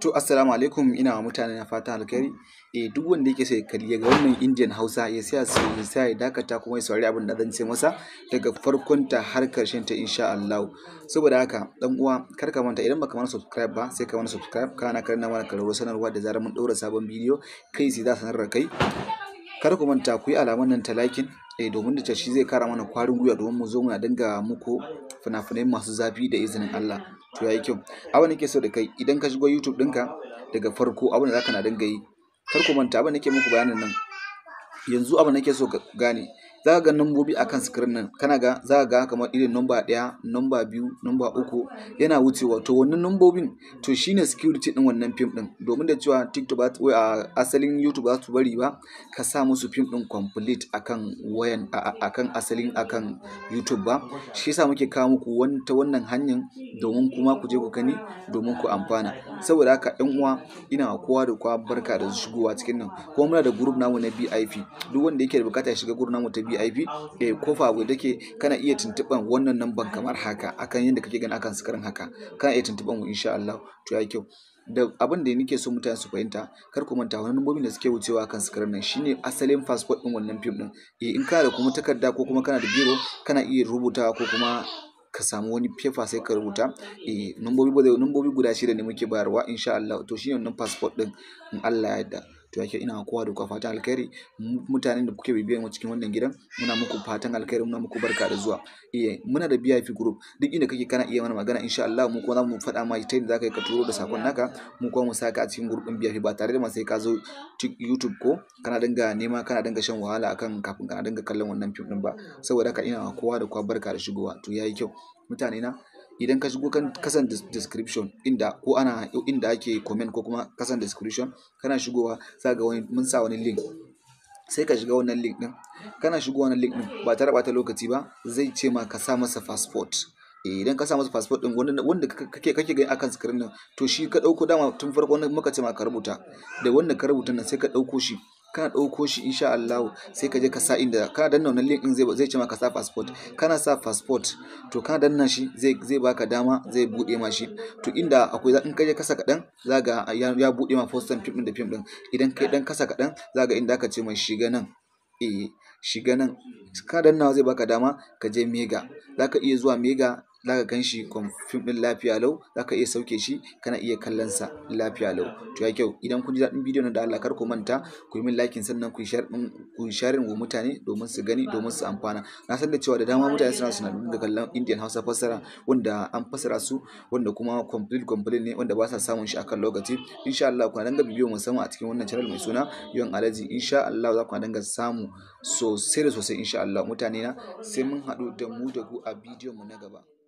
To assalamu alaikum ina wa mutane na fatan alkari. Eh duk wanda yake sai kalli ga wannan Indian Hausa ya sa sai sai ya dakata kuma ya saurari abin da zan ce masa daga farkon ta har karshen ta insha Allah. Saboda haka dan uwa kar ka manta idan baka mana subscribe ba sai ka mana subscribe kana karna mana kallo sanarwa da zarar mun daura sabon bidiyo kai sai za sanar da kai. Kar ku manta ku yi alaman nan ta like eh domin da shi zai kara mana kwarin gwiwa domin mu zo muna dinga muku fina-finai masu zafi da izinin Allah. to ya yi kyau abin da ke so da kai idan ka shigo YouTube ɗinka daga farko abin da ka na dinga yi kar ku manta abin da ke muku bayanin nan yanzu abin da ke so gane za ga nambobi a kan sikirin nan kana ga za ga kamar irin namba ɗaya namba biyu namba uku yana wucewa to wannan numbobin to shine security ɗin wannan fim ɗin domin da cewa tiktok ba a asalin youtube ba su bari ba ka sa musu fim ɗin complete akan wayan akan asalin akan youtube ba shi yasa muke kawo muku ta wannan hanyar domin kuma ku je ku gani domin ku amfana saboda haka yan uwa ina kowa da kowa barka da shigowa cikin nan kuma muna da group namu na bip duk wanda yake da bukata ya shiga group namu ta vip da kofa abu take kana iya tuntuban wannan namban kamar haka akan yanda kake gani akan sukarin haka kana iya tuntuban mu insha Allah to ya kyau da abin da nake so mutane su fahimta kar ku manta wani nambobin da suke wucewa kan sukarin nan shine asalin passport din wannan fim din eh in ka da kuma takarda ko kuma kana da biro kana iya rubuta ko kuma ka samu wani paper sai ka rubuta eh nambobi ba nambobi guda shida ne muke bayarwa insha Allah to shine wannan passport din in Allah ya yarda To yake ina kowa da kowa alkhairi. Mutanen da kuke bibiyan cikin wannan gidan muna muku fatan alkhairi muna muku barka da zuwa. Eh muna da VIP group duk inda kake kana iya mana magana insha Allah mu kuma za mu faɗa ma ta yadda za ka turo da sakon naka mu kuma mu saka a cikin group ɗin VIP ba tare da ma sai ka zo YouTube ko kana dinga nema kana dinga shan wahala akan kafin kana dinga kallon wannan fim ɗin ba. Saboda ka ina kowa da kowa barka da shigowa to yayi kyau. Mutane na. idan ka shigo kan kasan description inda ko ana inda ake comment ko kuma kasan description kana shigowa za ga wani mun sa wani link sai ka shiga wannan link din kana shigowa wannan link din ba tare bata lokaci ba zai ce ma ka sa masa passport eh, idan ka sa masa passport din wanda wanda kake kake gani akan screen nan to shi ka dauko dama tun farko muka ce ma ka rubuta da wanda ka rubuta nan sai ka dauko shi kana ɗauko shi insha Allah sai ka je ka sa inda kana danna wannan link din zai zai ce maka sa passport kana sa passport to kana danna shi zai zai baka dama zai bude ma shi to inda akwai in ka je kasa kadan zaga ya, ya bude ma post fim din da fim din idan kai dan kasa kadan zaga inda aka ce mai shiga nan eh shiga nan ka danna zai baka dama ka je mega zaka iya zuwa mega za ka gan shi fim ɗin lafiya lau za ka iya sauke shi kana iya kallon sa lafiya lau to ya kyau idan kun ji daɗin bidiyo na da Allah kar ku manta ku yi min likin sannan ku share ku share wa mutane domin su gani domin su amfana na san da cewa da dama mutane suna suna da kallon Indian Hausa fassara wanda an fassara su wanda kuma complete complete ne wanda ba sa samun shi akan lokaci insha Allah ku dinga bidiyo musamman a cikin wannan channel mai suna yawan alaji insha Allah za ku dinga samu sosai da sosai insha Allah mutane na sai mun haɗu da mu da ku a bidiyo mu na gaba